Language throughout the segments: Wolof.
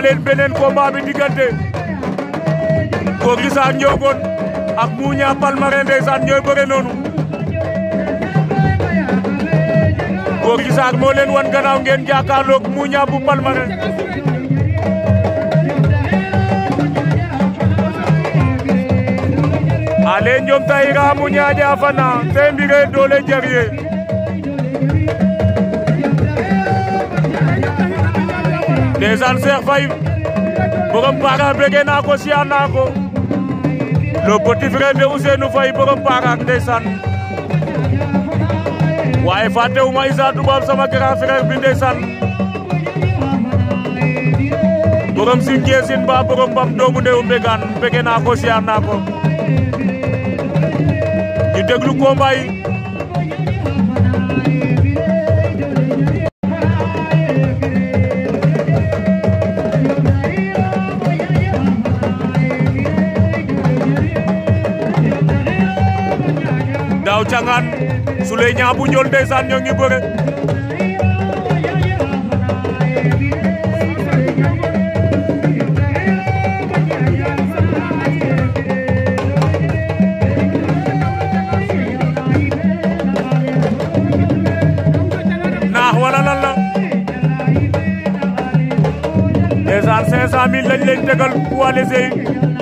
naa leen beneen combat bi diggante Gorgui a Ndiogone ak Mounia Palmarin ndeysaan ñooy bëre noonu Gorgui Sarr moo leen wan gannaaw ngeen jàkkaarloog Mounia bu Palmarin ale ñoom tayira Mounia Fana te mbire doole jariye ndeysaan Cheikh Faye borom Parax bëggee naa ko siyaar naa ko le petit frère de Ousseynou Faye borom Parax ndeysaan waaye fàttewuma Issa Toubab sama grand frère bi ndeysaan borom si ngeesin borom bam doomu ndewu mbegaan bëggee naa ko siyaar naa ko ñu déglu combat daaw cangaan Souley Niang bu Ndiol ndeysaan ñoo ngi bëre naax wala lan la ndeysaan cinq cent mille lañ leen tegal bu wàllu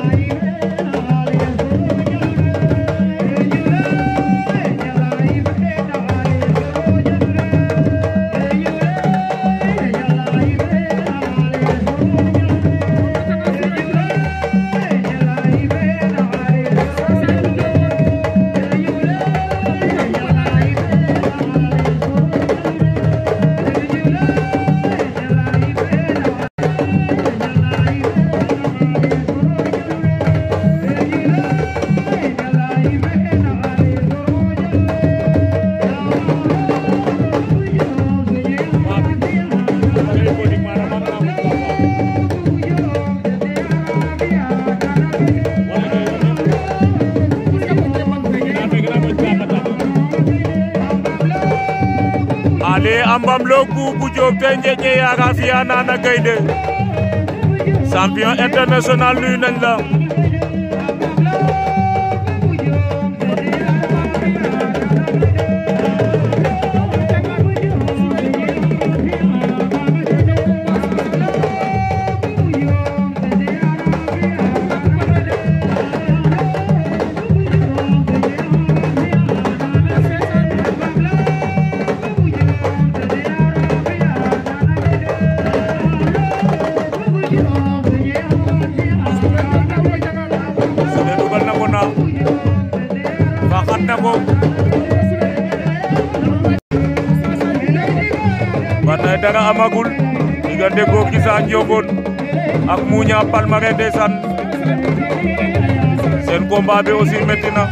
ale ambam loku bu job te njeñe yaga fiya nana gaynde champion international nuyu nañ la dara amagul ki sa Ndiogone ak Mounia Palmarin desan sen combat bi aussi metina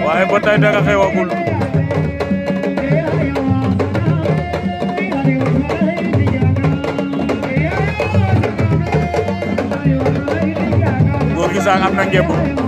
waye ba tay dara xewagul sa am na ngemb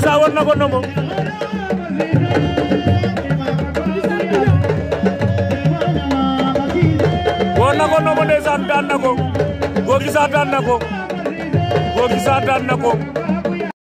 Issa war na ko ndombo war na ko ndombo ndeysaan daan na ko Gorgui Sarr daan na ko Gorgui Sarr daan na ko